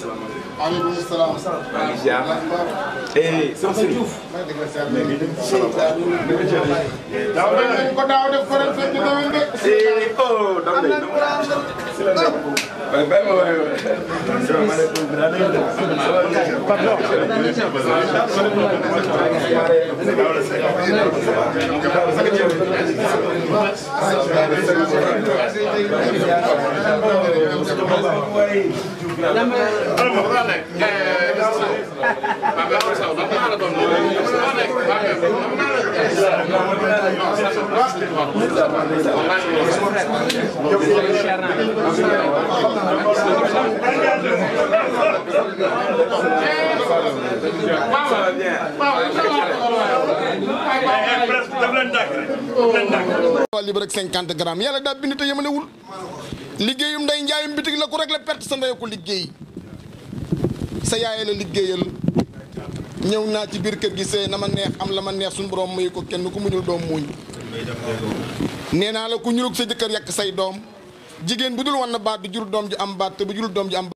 asalaamaaleykum. maaleykum salaam. maa ngi ziar. eh sama sëriñ. maa ngi daaw def ko daaw def ko ren fekk daaw de. eh oh daaw de. si la nekk foofu. waaye bàyyi ma waaye waaye. asalaamaaleykum. pardon. asalaamaaleykum. Waaw waaw wàlli rek cinquante grammes yàlla daa bind te yemalewul liggéeyum nday njaayum bitig la ku rek la perte sa ndey ko liggéey sa yaay liggéeyal ñëw naa ci biir kër gi see na ma neex am la ma neex suñu borom muy ko kenn ku muñul doom muñ nee naa la ku ñulug sa jëkkër yàq say doom jigéen bu dul wan na baat du jur doom ju am baat te bu jurul doom ju am